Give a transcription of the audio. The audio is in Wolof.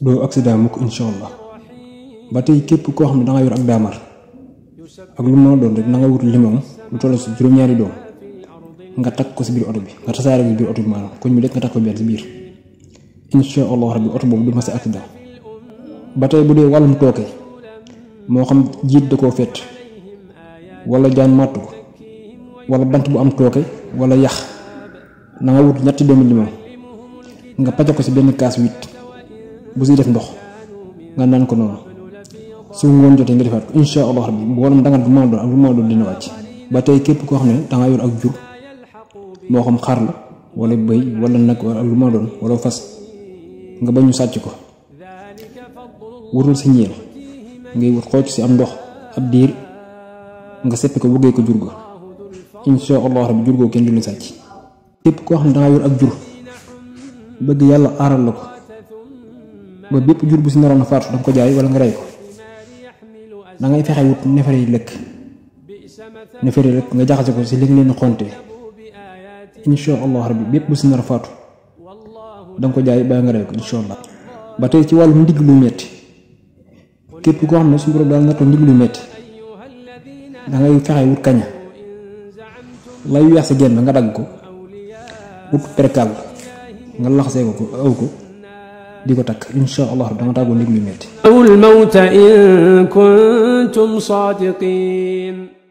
do accident mukk incha allah ba tey képp koo da nga yor ak damar ak lu mën a doon rek na nga wut limam lu toll ci juroom ñaari doom nga tak ko ci biir auto bi nga tasaare ko si biir oto bi maanaam koñ bi rek nga tak ko benn ci biir inshallah rabbi auto boobu du ma si accident batay bu xam da ko fet wala jaan matu wala bant bu am tooke wala yax na nga wut ñetti doomi limam nga ci benn bu siy def ndox nga nan ko non su ngoon jotee nga defaat ko incha allah rabbi bu mboolem dangan bu ma do ak bu ma do dina wacc ba tay képp ko xam da nga yor ak jur mo xam xar la wala bay wala nak wala lu ma do wala fas nga bañu sàcc ko wurul si ñeel ngay wut xoj ci am ndox ab dir nga seppi ko bëggee ko jur go insha allah rabbi jur go kenn du ñu sàcc képp ko xam da nga yor ak jur bëgg yalla aral lako ba bépp jur bu si naroon faatu da nga ko jaay wala nga rey ko da ngay fexe wut neefere yi lëkk neefere yi lëkk nga jaxase ko si li nga leen xonte insha allah rabbi bépp bu si nar faatu da nga ko jaay ba nga rey ko insha allah ba tey ci wàllum ndig lu metti képp ko xam ne suñu borom daal nattoo ndig lu metti da ngay fexe wut kaña lay sa genn nga dagg ko wut perkaal nga laxasee ko ko ديغوتك ان شاء الله ربنا تاغو ليك ميتي او الموت ان كنتم صادقين